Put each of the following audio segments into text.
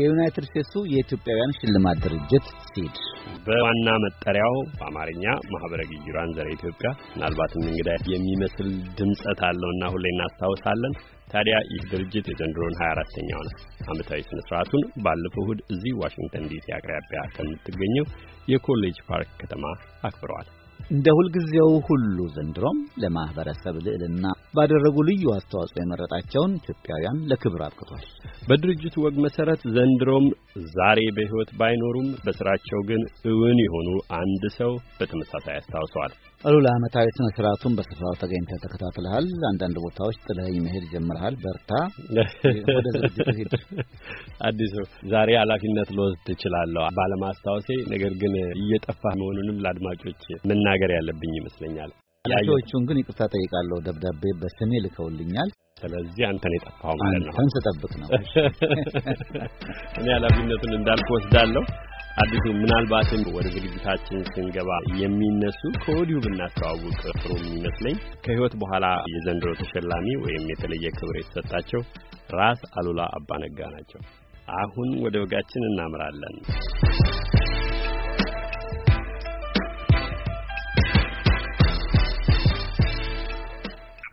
የዩናይትድ ስቴትሱ የኢትዮጵያውያን ሽልማት ድርጅት ሲድ በዋና መጠሪያው በአማርኛ ማህበረ ግዩራን ዘረ ኢትዮጵያ ምናልባትም እንግዳ የሚመስል ድምጸት እና ሁሌ እናስታውሳለን። ታዲያ ይህ ድርጅት የዘንድሮን 24ተኛውን ዓመታዊ ስነ ስርዓቱን ባለፈው እሁድ እዚህ ዋሽንግተን ዲሲ አቅራቢያ ከምትገኘው የኮሌጅ ፓርክ ከተማ አክብረዋል። እንደ ሁልጊዜው ሁሉ ዘንድሮም ለማህበረሰብ ልዕልና ባደረጉ ልዩ አስተዋጽኦ የመረጣቸውን ኢትዮጵያውያን ለክብር አብቅቷል። በድርጅቱ ወግ መሰረት ዘንድሮም ዛሬ በሕይወት ባይኖሩም በስራቸው ግን እውን የሆኑ አንድ ሰው በተመሳሳይ አስታውሰዋል። አሉላ ዓመታዊ ስነ ስርዓቱን በስፍራው ተገኝተህ ተከታትለሃል። አንዳንድ ቦታዎች ጥለኸኝ መሄድ ጀምረሃል። በርታ። ወደ ዝግጅት ሂድ። አዲሱ ዛሬ ኃላፊነት ልወስድ እችላለሁ ባለማስታወሴ፣ ነገር ግን እየጠፋ መሆኑንም ለአድማጮች መናገር ያለብኝ ይመስለኛል። ኃላፊዎቹን ግን ይቅርታ ጠይቃለሁ። ደብዳቤ በስሜ ልከውልኛል። ስለዚህ አንተን የጠፋው ማለት ነው። አንተን ስጠብቅ ነው። እኔ ኃላፊነቱን እንዳልክ ወስዳለሁ። አዲሱ ምናልባትም ወደ ዝግጅታችን ስንገባ የሚነሱ ከወዲሁ ብናስተዋውቅ ጥሩ የሚመስለኝ ከህይወት በኋላ የዘንድሮ ተሸላሚ ወይም የተለየ ክብር የተሰጣቸው ራስ አሉላ አባነጋ ናቸው። አሁን ወደ ወጋችን እናምራለን።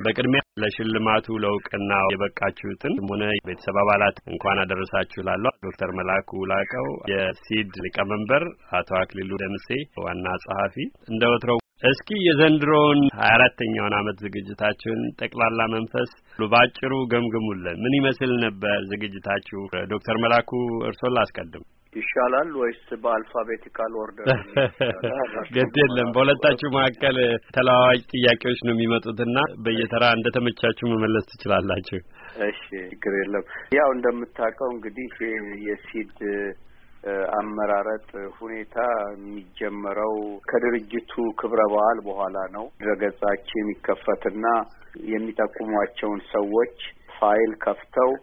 በቅድሚያ ለሽልማቱ ለእውቅና የበቃችሁትን ሆነ ቤተሰብ አባላት እንኳን አደረሳችሁ ላለ ዶክተር መላኩ ላቀው የሲድ ሊቀመንበር፣ አቶ አክሊሉ ደምሴ ዋና ጸሐፊ፣ እንደ ወትሮው እስኪ የዘንድሮውን ሀያ አራተኛውን አመት ዝግጅታችሁን ጠቅላላ መንፈስ ባጭሩ ገምግሙልን። ምን ይመስል ነበር ዝግጅታችሁ? ዶክተር መላኩ እርሶን ላስቀድም። ይሻላል ወይስ በአልፋቤቲካል ኦርደር? ግድ የለም በሁለታችሁ መካከል ተለዋዋጭ ጥያቄዎች ነው የሚመጡትና በየተራ እንደ ተመቻችሁ መመለስ ትችላላችሁ። እሺ፣ ችግር የለም። ያው እንደምታውቀው እንግዲህ የሲድ አመራረጥ ሁኔታ የሚጀመረው ከድርጅቱ ክብረ በዓል በኋላ ነው። ድረገጻችን የሚከፈትና የሚጠቁሟቸውን ሰዎች ፋይል ከፍተው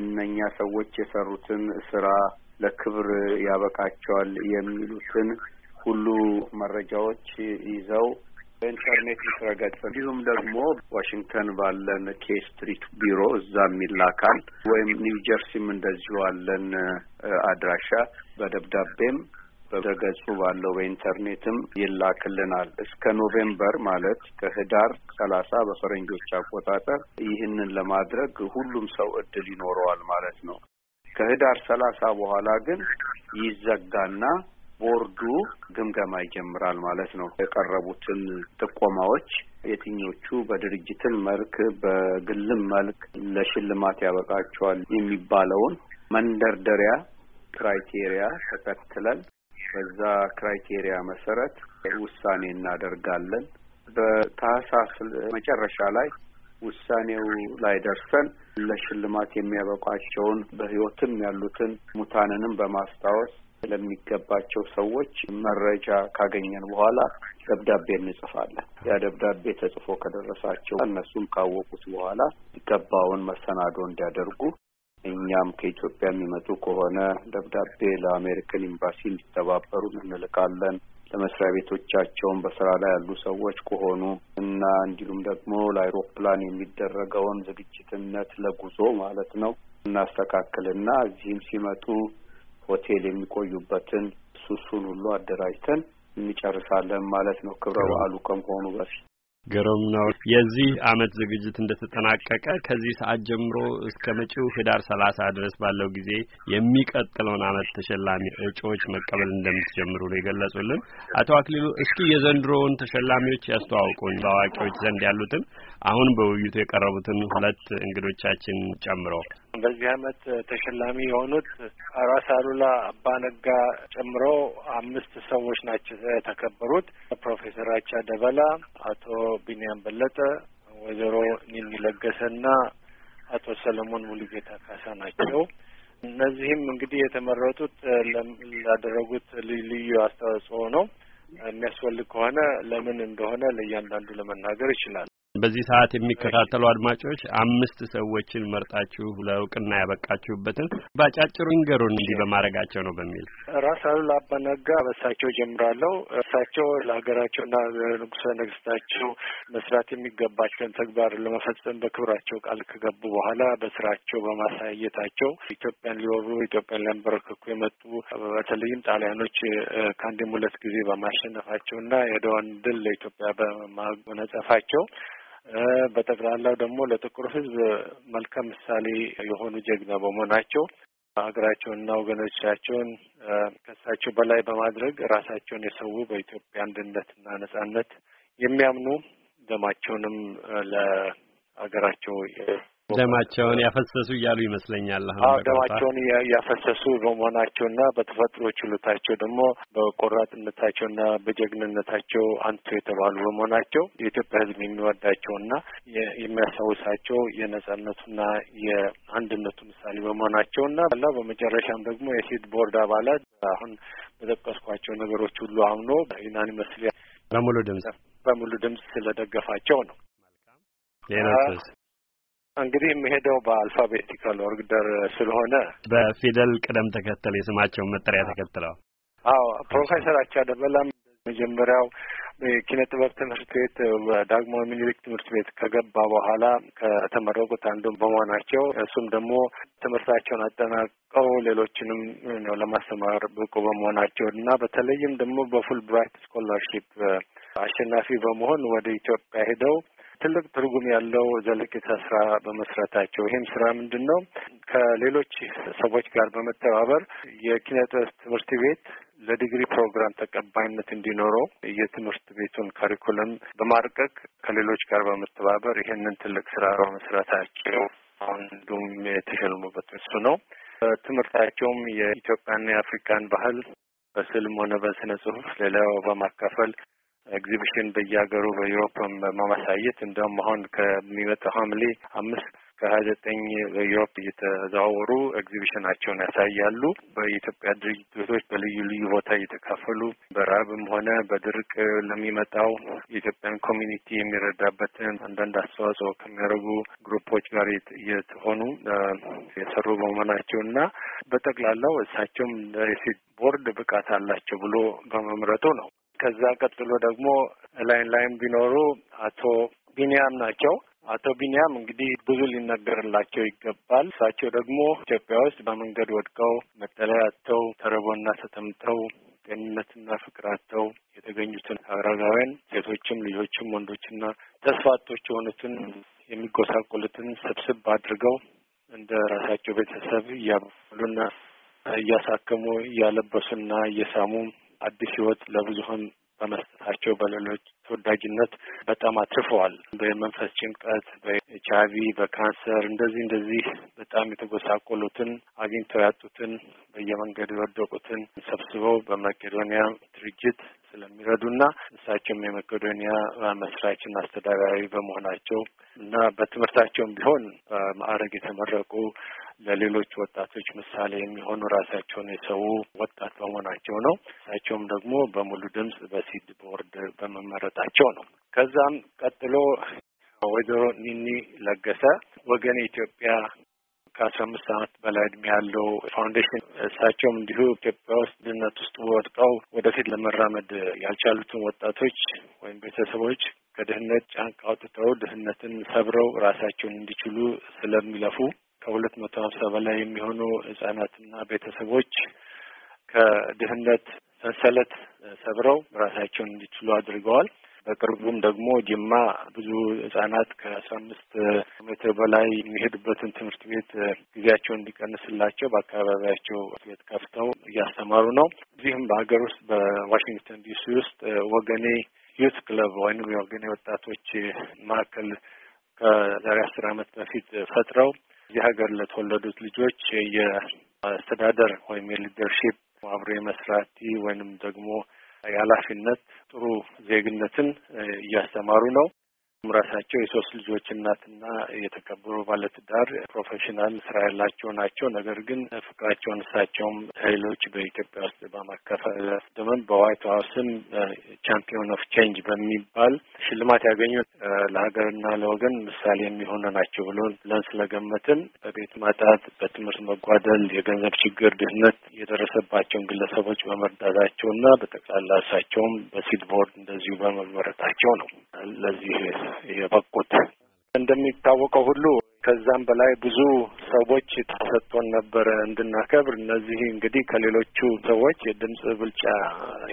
እነኛ ሰዎች የሰሩትን ስራ ለክብር ያበቃቸዋል የሚሉትን ሁሉ መረጃዎች ይዘው በኢንተርኔት ድረገጽ እንዲሁም ደግሞ ዋሽንግተን ባለን ኬ ስትሪት ቢሮ እዛም ይላካል፣ ወይም ኒው ጀርሲም እንደዚሁ አለን አድራሻ በደብዳቤም በገጹ ባለው በኢንተርኔትም ይላክልናል። እስከ ኖቬምበር ማለት ከህዳር ሰላሳ በፈረንጆች አቆጣጠር ይህንን ለማድረግ ሁሉም ሰው እድል ይኖረዋል ማለት ነው። ከህዳር ሰላሳ በኋላ ግን ይዘጋና ቦርዱ ግምገማ ይጀምራል ማለት ነው። የቀረቡትን ጥቆማዎች የትኞቹ በድርጅትም መልክ በግልም መልክ ለሽልማት ያበቃቸዋል የሚባለውን መንደርደሪያ ክራይቴሪያ ተከትለን በዛ ክራይቴሪያ መሰረት ውሳኔ እናደርጋለን። በታህሳስ መጨረሻ ላይ ውሳኔው ላይ ደርሰን ለሽልማት የሚያበቋቸውን በሕይወትም ያሉትን ሙታንንም በማስታወስ ለሚገባቸው ሰዎች መረጃ ካገኘን በኋላ ደብዳቤ እንጽፋለን። ያ ደብዳቤ ተጽፎ ከደረሳቸው እነሱም ካወቁት በኋላ ገባውን መሰናዶ እንዲያደርጉ እኛም ከኢትዮጵያ የሚመጡ ከሆነ ደብዳቤ ለአሜሪካን ኤምባሲ እንዲተባበሩን እንልካለን። ለመስሪያ ቤቶቻቸውን በስራ ላይ ያሉ ሰዎች ከሆኑ እና እንዲሁም ደግሞ ለአይሮፕላን የሚደረገውን ዝግጅትነት ለጉዞ ማለት ነው እናስተካክልና እዚህም ሲመጡ ሆቴል የሚቆዩበትን እሱን ሁሉ አደራጅተን እንጨርሳለን ማለት ነው። ክብረ በዓሉ ከመሆኑ በፊት ግሩም ነው። የዚህ አመት ዝግጅት እንደተጠናቀቀ ከዚህ ሰዓት ጀምሮ እስከ መጪው ህዳር ሰላሳ ድረስ ባለው ጊዜ የሚቀጥለውን አመት ተሸላሚ እጩዎች መቀበል እንደምትጀምሩ ነው የገለጹልን አቶ አክሊሉ። እስኪ የዘንድሮውን ተሸላሚዎች ያስተዋውቁን፣ በአዋቂዎች ዘንድ ያሉትን አሁን በውይይቱ የቀረቡትን ሁለት እንግዶቻችን ጨምሮ በዚህ አመት ተሸላሚ የሆኑት ራስ አሉላ አባነጋ ጨምሮ አምስት ሰዎች ናቸው የተከበሩት። ፕሮፌሰር አቻ ደበላ፣ አቶ ቢንያም በለጠ፣ ወይዘሮ ኒኒ ለገሰና አቶ ሰለሞን ሙሉጌታ ካሳ ናቸው። እነዚህም እንግዲህ የተመረጡት ላደረጉት ልዩ ልዩ አስተዋጽኦ ነው። የሚያስፈልግ ከሆነ ለምን እንደሆነ ለእያንዳንዱ ለመናገር ይችላል። በዚህ ሰዓት የሚከታተሉ አድማጮች አምስት ሰዎችን መርጣችሁ ለእውቅና ያበቃችሁበትን ባጫጭሩ ንገሩን። እንዲህ በማድረጋቸው ነው በሚል ራስ አሉላ አባነጋ ነጋ በሳቸው ጀምራለሁ። እሳቸው ለሀገራቸውና ለንጉሠ ነግስታቸው መስራት የሚገባቸውን ተግባር ለመፈጸም በክብራቸው ቃል ከገቡ በኋላ በስራቸው በማሳየታቸው ኢትዮጵያን ሊወሩ ኢትዮጵያን ሊያንበረከኩ የመጡ በተለይም ጣሊያኖች ከአንድም ሁለት ጊዜ በማሸነፋቸውና የደዋን ድል ለኢትዮጵያ በማጎናጸፋቸው በጠቅላላው ደግሞ ለጥቁር ሕዝብ መልካም ምሳሌ የሆኑ ጀግና በመሆናቸው ሀገራቸውንና ወገኖቻቸውን ከሳቸው በላይ በማድረግ ራሳቸውን የሰው በኢትዮጵያ አንድነትና ነጻነት የሚያምኑ ደማቸውንም ለሀገራቸው ደማቸውን ያፈሰሱ እያሉ ይመስለኛል። አሁን ደማቸውን ያፈሰሱ በመሆናቸውና በተፈጥሮ ችሎታቸው ደግሞ በቆራጥነታቸውና በጀግንነታቸው አንቱ የተባሉ በመሆናቸው የኢትዮጵያ ሕዝብ የሚወዳቸውና የሚያስታውሳቸው የነጻነቱና የአንድነቱ ምሳሌ በመሆናቸውና ላ በመጨረሻም ደግሞ የሴት ቦርድ አባላት አሁን በጠቀስኳቸው ነገሮች ሁሉ አምኖ ዩናኒመስሊ በሙሉ ድምጽ በሙሉ ድምጽ ስለደገፋቸው ነው። ሌላ እንግዲህ የሚሄደው በአልፋቤቲካል ኦርግደር ስለሆነ በፊደል ቅደም ተከተል የስማቸውን መጠሪያ ተከትለው። አዎ ፕሮፌሰር አቻ ደበላም መጀመሪያው የኪነ ጥበብ ትምህርት ቤት ዳግሞ ምኒልክ ትምህርት ቤት ከገባ በኋላ ከተመረቁት አንዱ በመሆናቸው እሱም ደግሞ ትምህርታቸውን አጠናቀው ሌሎችንም ነው ለማስተማር ብቁ በመሆናቸው እና በተለይም ደግሞ በፉል ብራይት ስኮላርሺፕ አሸናፊ በመሆን ወደ ኢትዮጵያ ሄደው ትልቅ ትርጉም ያለው ዘለቂታ ስራ በመስራታቸው ይህም ስራ ምንድን ነው? ከሌሎች ሰዎች ጋር በመተባበር የኪነጥበብ ትምህርት ቤት ለዲግሪ ፕሮግራም ተቀባይነት እንዲኖረው የትምህርት ቤቱን ካሪኩለም በማርቀቅ ከሌሎች ጋር በመተባበር ይህንን ትልቅ ስራ በመስራታቸው አንዱም የተሸለሙበት እሱ ነው። ትምህርታቸውም የኢትዮጵያና የአፍሪካን ባህል በስልም ሆነ በስነ ጽሁፍ ሌላው በማካፈል ኤግዚቢሽን በየሀገሩ በዩሮፕም በማሳየት እንደውም አሁን ከሚመጣው ሐምሌ አምስት ከሀያ ዘጠኝ በዩሮፕ እየተዘዋወሩ ኤግዚቢሽናቸውን ያሳያሉ። በኢትዮጵያ ድርጅቶች በልዩ ልዩ ቦታ እየተካፈሉ በረሀብም ሆነ በድርቅ ለሚመጣው የኢትዮጵያን ኮሚኒቲ የሚረዳበትን አንዳንድ አስተዋጽኦ ከሚያደርጉ ግሩፖች ጋር የተሆኑ የሰሩ በመሆናቸው እና በጠቅላላው እሳቸውም የሴት ቦርድ ብቃት አላቸው ብሎ በመምረጡ ነው ከዛ ቀጥሎ ደግሞ ላይን ላይም ቢኖሩ አቶ ቢንያም ናቸው። አቶ ቢንያም እንግዲህ ብዙ ሊነገርላቸው ይገባል። እሳቸው ደግሞ ኢትዮጵያ ውስጥ በመንገድ ወድቀው መጠለያ አጥተው ተጠምተው ጤንነትና ፍቅር አጥተው የተገኙትን አረጋውያን ሴቶችም፣ ልጆችም፣ ወንዶችና ተስፋ የሆኑትን የሚጎሳቆሉትን ስብስብ አድርገው እንደ ራሳቸው ቤተሰብ እያበሉና እያሳከሙ እያለበሱና እየሳሙ አዲስ ህይወት ለብዙሀን በመስጠታቸው በሌሎች ተወዳጅነት በጣም አትርፈዋል። በመንፈስ ጭንቀት፣ በኤች አይቪ፣ በካንሰር እንደዚህ እንደዚህ በጣም የተጎሳቆሉትን አግኝተው ያጡትን በየመንገዱ የወደቁትን ሰብስበው በመቄዶኒያ ድርጅት ስለሚረዱና እሳቸውም የመቄዶንያ መስራችና አስተዳዳሪ በመሆናቸው እና በትምህርታቸውም ቢሆን በማዕረግ የተመረቁ ለሌሎች ወጣቶች ምሳሌ የሚሆኑ ራሳቸውን የሰው ወጣት በመሆናቸው ነው። እሳቸውም ደግሞ በሙሉ ድምፅ በሲድ ቦርድ በመመረጣቸው ነው። ከዛም ቀጥሎ ወይዘሮ ኒኒ ለገሰ ወገን ኢትዮጵያ ከአስራ አምስት ዓመት በላይ እድሜ ያለው ፋውንዴሽን እሳቸውም እንዲሁ ኢትዮጵያ ውስጥ ድህነት ውስጥ ወድቀው ወደፊት ለመራመድ ያልቻሉትን ወጣቶች ወይም ቤተሰቦች ከድህነት ጫንቃ አውጥተው ድህነትን ሰብረው ራሳቸውን እንዲችሉ ስለሚለፉ ከሁለት መቶ ሀምሳ በላይ የሚሆኑ ህጻናትና ቤተሰቦች ከድህነት ሰንሰለት ሰብረው ራሳቸውን እንዲችሉ አድርገዋል። በቅርቡም ደግሞ ጅማ ብዙ ህጻናት ከአስራ አምስት ሜትር በላይ የሚሄዱበትን ትምህርት ቤት ጊዜያቸውን እንዲቀንስላቸው በአካባቢያቸው ቤት ከፍተው እያስተማሩ ነው። እዚህም በሀገር ውስጥ በዋሽንግተን ዲሲ ውስጥ ወገኔ ዩት ክለብ ወይም የወገኔ ወጣቶች ማዕከል ከዛሬ አስር ዓመት በፊት ፈጥረው እዚህ ሀገር ለተወለዱት ልጆች የአስተዳደር ወይም የሊደርሺፕ አብሮ የመስራት ወይንም ደግሞ የኃላፊነት ጥሩ ዜግነትን እያስተማሩ ነው። ራሳቸው የሶስት ልጆች እናትና የተከበሩ ባለትዳር ፕሮፌሽናል ስራ ያላቸው ናቸው። ነገር ግን ፍቅራቸውን እሳቸውም ሌሎች በኢትዮጵያ ውስጥ በማካፈል ደመን በዋይት ሀውስም ቻምፒዮን ኦፍ ቼንጅ በሚባል ሽልማት ያገኙት ለሀገርና ለወገን ምሳሌ የሚሆነ ናቸው ብሎ ብለን ስለገመትን በቤት ማጣት፣ በትምህርት መጓደል፣ የገንዘብ ችግር፣ ድህነት የደረሰባቸውን ግለሰቦች በመርዳታቸውና በጠቅላላ እሳቸውም በሲድ ቦርድ እንደዚሁ በመመረጣቸው ነው ለዚህ የበቁት። እንደሚታወቀው ሁሉ ከዛም በላይ ብዙ ሰዎች ተሰጥቶን ነበረ እንድናከብር። እነዚህ እንግዲህ ከሌሎቹ ሰዎች የድምፅ ብልጫ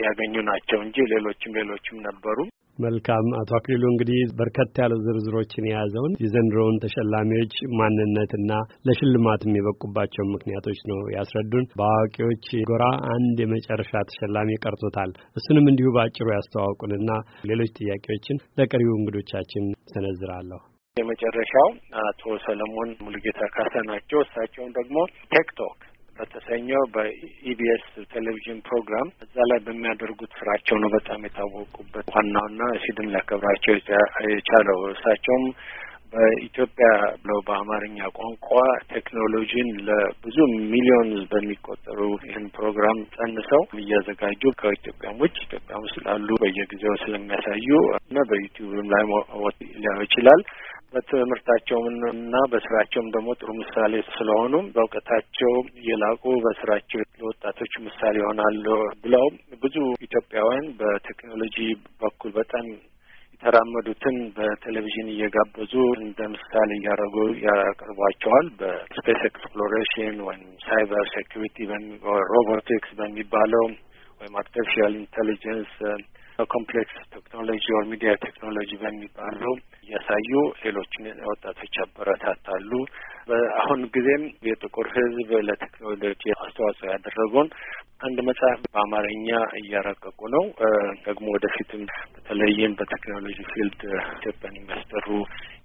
ያገኙ ናቸው እንጂ ሌሎችም ሌሎችም ነበሩ። መልካም አቶ አክሊሉ እንግዲህ በርከት ያሉ ዝርዝሮችን የያዘውን የዘንድሮውን ተሸላሚዎች ማንነትና ለሽልማት የሚበቁባቸው ምክንያቶች ነው ያስረዱን። በአዋቂዎች ጎራ አንድ የመጨረሻ ተሸላሚ ቀርቶታል። እሱንም እንዲሁ በአጭሩ ያስተዋውቁንና ሌሎች ጥያቄዎችን ለቀሪው እንግዶቻችን ሰነዝራለሁ። የመጨረሻው አቶ ሰለሞን ሙሉጌታ ካሳ ናቸው። እሳቸውን ደግሞ ቴክቶክ በተሰኘው በኢቢኤስ ቴሌቪዥን ፕሮግራም እዛ ላይ በሚያደርጉት ስራቸው ነው በጣም የታወቁበት ዋናውና ሲድም ሊያከብራቸው የቻለው እሳቸውም በኢትዮጵያ ብለው በአማርኛ ቋንቋ ቴክኖሎጂን ለብዙ ሚሊዮን በሚቆጠሩ ይህን ፕሮግራም ጸንሰው እያዘጋጁ ከኢትዮጵያም ውጭ ኢትዮጵያ ውስጥ ላሉ በየጊዜው ስለሚያሳዩ እና በዩቲዩብም ላይ ወት ሊያው ይችላል። በትምህርታቸውም እና በስራቸውም ደግሞ ጥሩ ምሳሌ ስለሆኑ በእውቀታቸው የላቁ በስራቸው ለወጣቶች ምሳሌ ይሆናሉ ብለው ብዙ ኢትዮጵያውያን በቴክኖሎጂ በኩል በጣም የተራመዱትን በቴሌቪዥን እየጋበዙ እንደ ምሳሌ እያደረጉ ያቀርቧቸዋል። በስፔስ ኤክስፕሎሬሽን ወይም ሳይበር ሴኪሪቲ ሮቦቲክስ በሚባለው ወይም አርቲፊሻል ኢንቴሊጀንስ ኮምፕሌክስ ቴክኖሎጂ ኦር ሚዲያ ቴክኖሎጂ በሚባለው እያሳዩ ሌሎችን ወጣቶች ያበረታታሉ። በአሁን ጊዜም የጥቁር ሕዝብ ለቴክኖሎጂ አስተዋጽኦ ያደረጉን አንድ መጽሐፍ በአማርኛ እያረቀቁ ነው። ደግሞ ወደፊትም በተለይም በቴክኖሎጂ ፊልድ ኢትዮጵያን የሚያስጠሩ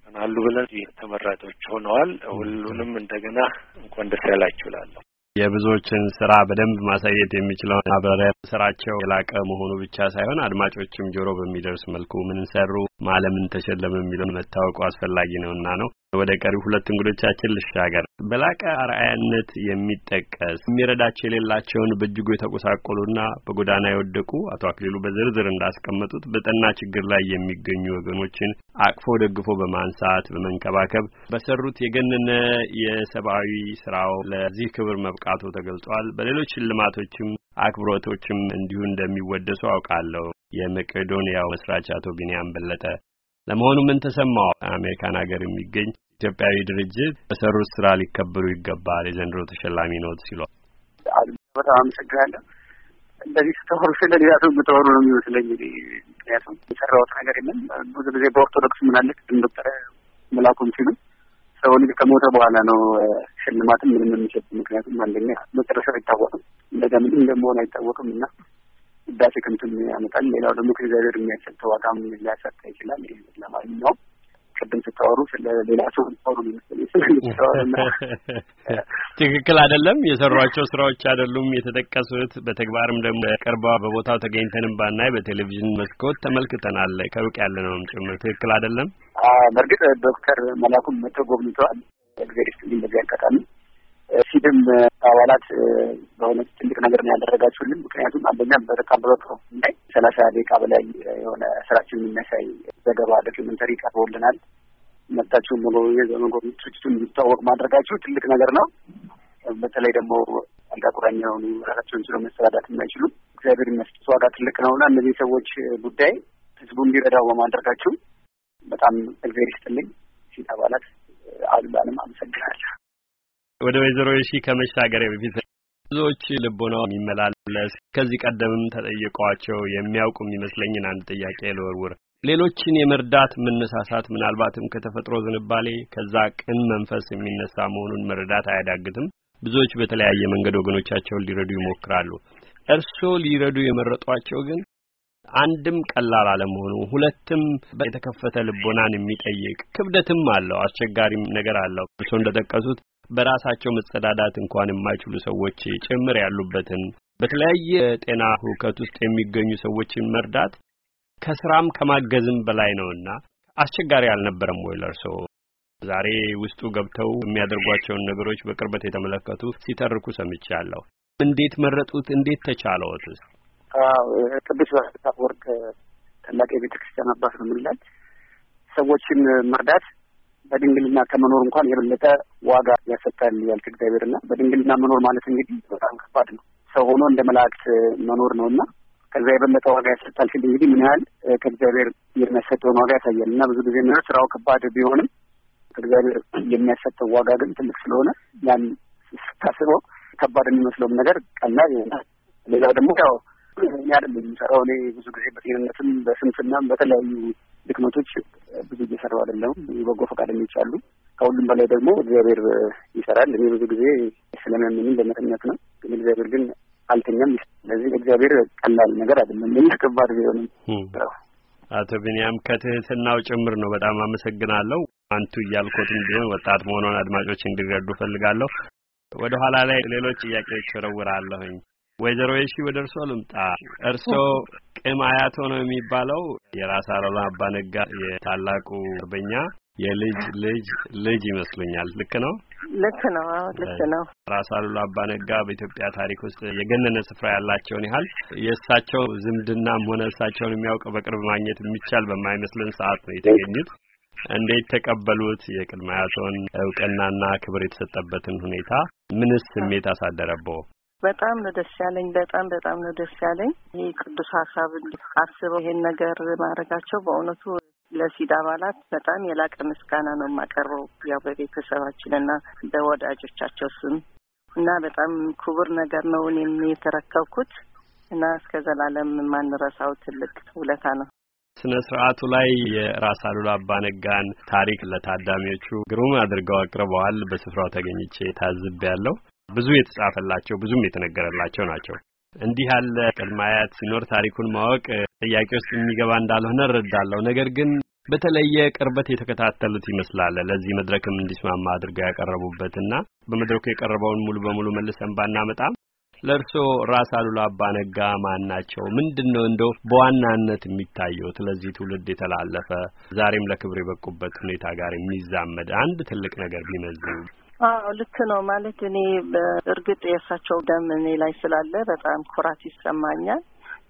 ይሆናሉ ብለን ተመራጮች ሆነዋል። ሁሉንም እንደገና እንኳን ደስ ያላችሁ እላለሁ። የብዙዎችን ስራ በደንብ ማሳየት የሚችለውን ማብራሪያ ስራቸው የላቀ መሆኑ ብቻ ሳይሆን አድማጮችም ጆሮ በሚደርስ መልኩ ምን ሰሩ፣ ማለምን ተሸለመ የሚለውን መታወቁ አስፈላጊ ነውና ነው። ወደ ቀሪ ሁለት እንግዶቻችን ልሻገር። በላቀ አርአያነት የሚጠቀስ የሚረዳቸው የሌላቸውን በእጅጉ የተቆሳቆሉና በጎዳና የወደቁ አቶ አክሊሉ በዝርዝር እንዳስቀመጡት በጠና ችግር ላይ የሚገኙ ወገኖችን አቅፎ ደግፎ በማንሳት በመንከባከብ በሰሩት የገነነ የሰብአዊ ስራው ለዚህ ክብር መብቃቱ ተገልጿል። በሌሎች ሽልማቶችም አክብሮቶችም እንዲሁ እንደሚወደሱ አውቃለሁ። የመቄዶንያው መስራች አቶ ቢንያም በለጠ ለመሆኑ ምን ተሰማው? አሜሪካን ሀገር የሚገኝ ኢትዮጵያዊ ድርጅት በሰሩት ስራ ሊከበሩ ይገባል፣ የዘንድሮ ተሸላሚ ነዎት ሲሉ በጣም አመሰግናለሁ። እንደዚህ ስተወሩ ስለ ሌላቱ የምተወሩ ነው የሚመስለኝ። ምክንያቱም የሰራሁት ነገር የለም። ብዙ ጊዜ በኦርቶዶክስ ምናለች ዶክተር መላኩም ሲሉ ሰው ልጅ ከሞተ በኋላ ነው ሽልማትም ምንም የሚሰጥ። ምክንያቱም አንደኛ መጨረሻው አይታወቅም፣ እንደዛ ምንም እንደመሆን አይታወቅም እና ቅዳሴ ክንቱን ያመጣል። ሌላው ደግሞ ከእግዚአብሔር የሚያሰጥ ዋጋም ሊያሰጥ ይችላል። ለማንኛውም ቅድም ስታወሩ ስለሌላ ሰው ሆኑ ትክክል አይደለም። የሰሯቸው ስራዎች አይደሉም የተጠቀሱት። በተግባርም ደግሞ ቅርባ በቦታው ተገኝተንም ባናይ በቴሌቪዥን መስኮት ተመልክተናል። ከብቅ ያለ ነውም ጭምር ትክክል አይደለም። በእርግጥ ዶክተር መላኩም መጥተው ጎብኝተዋል። እግዚአብሔር ይስጥልኝ። በዚህ አጋጣሚ ሲድም አባላት በእውነት ትልቅ ነገር ነው ያደረጋችሁልን። ምክንያቱም አንደኛ በተካበረው ላይ ሰላሳ ደቂቃ በላይ የሆነ ስራችን የሚያሳይ ዘገባ ዶኪመንተሪ ቀርቦልናል። መጥታችሁ መጎብኘት በመጎብኘት ድርጅቱን እንዲታወቅ ማድረጋችሁ ትልቅ ነገር ነው። በተለይ ደግሞ አልጋ ቁራኛ የሆኑ ራሳቸውን ችሎ መሰዳዳት የማይችሉ እግዚአብሔር የሚያስጡት ዋጋ ትልቅ ነው ነውና እነዚህ ሰዎች ጉዳይ ህዝቡ እንዲረዳው በማድረጋችሁ በጣም እግዚአብሔር ይስጥልኝ። ሲት አባላት አሉላንም አመሰግናለሁ። ወደ ወይዘሮ ሺ ከመሻገሪያ በፊት ብዙዎች ልቦናው የሚመላለስ ከዚህ ቀደምም ተጠይቀዋቸው የሚያውቁ የሚመስለኝን አንድ ጥያቄ ልወርውር። ሌሎችን የመርዳት መነሳሳት ምናልባትም ከተፈጥሮ ዝንባሌ ከዛ ቅን መንፈስ የሚነሳ መሆኑን መረዳት አያዳግትም። ብዙዎች በተለያየ መንገድ ወገኖቻቸውን ሊረዱ ይሞክራሉ። እርስዎ ሊረዱ የመረጧቸው ግን አንድም ቀላል አለመሆኑ፣ ሁለትም የተከፈተ ልቦናን የሚጠይቅ ክብደትም አለው፣ አስቸጋሪም ነገር አለው። እርስዎ እንደጠቀሱት በራሳቸው መጸዳዳት እንኳን የማይችሉ ሰዎች ጭምር ያሉበትን በተለያየ ጤና ሁከት ውስጥ የሚገኙ ሰዎችን መርዳት ከስራም ከማገዝም በላይ ነውና አስቸጋሪ አልነበረም ወይ ለርሶ? ዛሬ ውስጡ ገብተው የሚያደርጓቸውን ነገሮች በቅርበት የተመለከቱ ሲተርኩ ሰምቻለሁ። እንዴት መረጡት? እንዴት ተቻለዎት? አዎ ቅዱስ ባልታ ወርቅ ታላቅ የቤተ ክርስቲያን አባት ነው የምንላች ሰዎችን መርዳት በድንግልና ከመኖር እንኳን የበለጠ ዋጋ ያሰጣል ያልክ እግዚአብሔር እግዚአብሔርና በድንግልና መኖር ማለት እንግዲህ በጣም ከባድ ነው። ሰው ሆኖ እንደ መላእክት መኖር ነው እና ከዛ የበለጠ ዋጋ ያሰጣል ሲል እንግዲህ ምን ያህል ከእግዚአብሔር የሚያሰጠውን ዋጋ ያሳያል እና ብዙ ጊዜ ምር ስራው ከባድ ቢሆንም ከእግዚአብሔር የሚያሰጠው ዋጋ ግን ትልቅ ስለሆነ ያን ስታስበው ከባድ የሚመስለውም ነገር ቀላል ይሆናል። ሌላ ደግሞ ያው እኔ አይደለም የሚሰራው እኔ ብዙ ጊዜ በጤንነትም በስንፍናም በተለያዩ ድክመቶች ብዙ እየሰሩ አይደለም። የበጎ ፈቃደኞች አሉ። ከሁሉም በላይ ደግሞ እግዚአብሔር ይሰራል። እኔ ብዙ ጊዜ ስለሚያመኝም በመተኛት ነው፣ ግን እግዚአብሔር ግን አልተኛም። ስለዚህ እግዚአብሔር ቀላል ነገር አይደለም። ይህ ከባድ ቢሆንም አቶ ቢንያም ከትህትናው ጭምር ነው። በጣም አመሰግናለሁ። አንቱ እያልኮትም ቢሆን ወጣት መሆኗን አድማጮች እንዲረዱ ፈልጋለሁ። ወደ ኋላ ላይ ሌሎች ጥያቄዎች ወረውራለሁኝ። ወይዘሮ የሺ ወደ እርሶ ልምጣ። እርሶ ቅም አያቶ ነው የሚባለው የራስ አሉላ አባነጋ የታላቁ አርበኛ የልጅ ልጅ ልጅ ይመስሉኛል። ልክ ነው? ልክ ነው። አዎ ልክ ነው። ራስ አሉላ አባነጋ በኢትዮጵያ ታሪክ ውስጥ የገነነ ስፍራ ያላቸውን ያህል የእሳቸው ዝምድናም ሆነ እሳቸውን የሚያውቅ በቅርብ ማግኘት የሚቻል በማይመስልን ሰዓት ነው የተገኙት። እንዴት ተቀበሉት? የቅድመ አያቶን እውቅናና ክብር የተሰጠበትን ሁኔታ ምንስ ስሜት አሳደረበው? በጣም ነው ደስ ያለኝ። በጣም በጣም ነው ደስ ያለኝ። ይህ ቅዱስ ሀሳብ አስበው ይሄን ነገር ማድረጋቸው በእውነቱ ለሲድ አባላት በጣም የላቀ ምስጋና ነው የማቀርበው ያው በቤተሰባችንና በወዳጆቻቸው ስም እና በጣም ክቡር ነገር ነው እኔም የተረከብኩት እና እስከ ዘላለም የማንረሳው ትልቅ ውለታ ነው። ስነ ስርዓቱ ላይ የራስ አሉላ አባነጋን ታሪክ ለታዳሚዎቹ ግሩም አድርገው አቅርበዋል። በስፍራው ተገኝቼ ታዝቤ ያለው ብዙ የተጻፈላቸው ብዙም የተነገረላቸው ናቸው። እንዲህ ያለ ቅድመ አያት ሲኖር ታሪኩን ማወቅ ጥያቄ ውስጥ የሚገባ እንዳልሆነ እረዳለሁ። ነገር ግን በተለየ ቅርበት የተከታተሉት ይመስላል ለዚህ መድረክም እንዲስማማ አድርገው ያቀረቡበትና በመድረኩ የቀረበውን ሙሉ በሙሉ መልሰን ባናመጣም ለእርስዎ ራስ አሉላ አባነጋ ማን ናቸው? ምንድን ነው እንደው በዋናነት የሚታየው ለዚህ ትውልድ የተላለፈ ዛሬም ለክብር የበቁበት ሁኔታ ጋር የሚዛመድ አንድ ትልቅ ነገር ቢመዝኑ አዎ ልክ ነው። ማለት እኔ በእርግጥ የእርሳቸው ደም እኔ ላይ ስላለ በጣም ኩራት ይሰማኛል።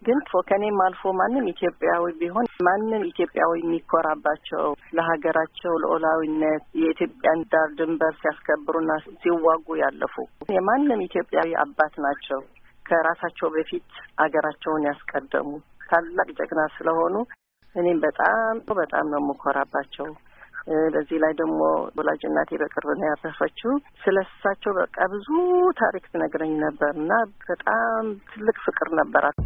ግን ከእኔም አልፎ ማንም ኢትዮጵያዊ ቢሆን ማንም ኢትዮጵያዊ የሚኮራባቸው ለሀገራቸው ለኦላዊነት የኢትዮጵያን ዳር ድንበር ሲያስከብሩና ሲዋጉ ያለፉ የማንም ኢትዮጵያዊ አባት ናቸው። ከራሳቸው በፊት አገራቸውን ያስቀደሙ ታላቅ ጀግና ስለሆኑ እኔም በጣም በጣም ነው የምኮራባቸው። በዚህ ላይ ደግሞ ወላጅ እናቴ በቅርብ ነው ያረፈችው። ስለ እሳቸው በቃ ብዙ ታሪክ ትነግረኝ ነበር እና በጣም ትልቅ ፍቅር ነበራት።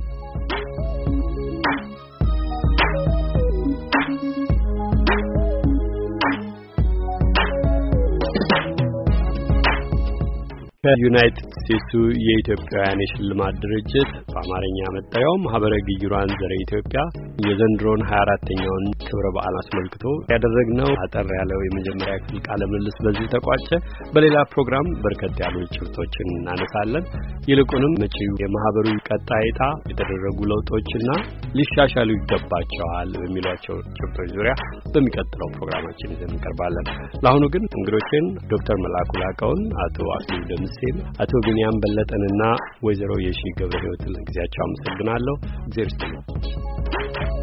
ከዩናይትድ ስቴትሱ የኢትዮጵያውያን የሽልማት ድርጅት በአማርኛ መጠሪያው ማህበረ ግይሯን ዘረ ኢትዮጵያ የዘንድሮን 24ተኛውን ክብረ በዓል አስመልክቶ ያደረግነው አጠር ያለው የመጀመሪያ ክፍል ቃለ ምልልስ በዚህ ተቋጨ። በሌላ ፕሮግራም በርከት ያሉ ጭብጦችን እናነሳለን። ይልቁንም መጪው የማህበሩ ቀጣይ ዕጣ የተደረጉ ለውጦችና ሊሻሻሉ ይገባቸዋል በሚሏቸው ጭብጦች ዙሪያ በሚቀጥለው ፕሮግራማችን ይዘን እንቀርባለን። ለአሁኑ ግን እንግዶችን ዶክተር መላኩ ላቀውን አቶ አክሊሉ ሲል አቶ ቢንያም በለጠንና ወይዘሮ የሺ ገብረ ህይወትን ጊዜያቸው አመሰግናለሁ። እግዜር ይስጥልኝ።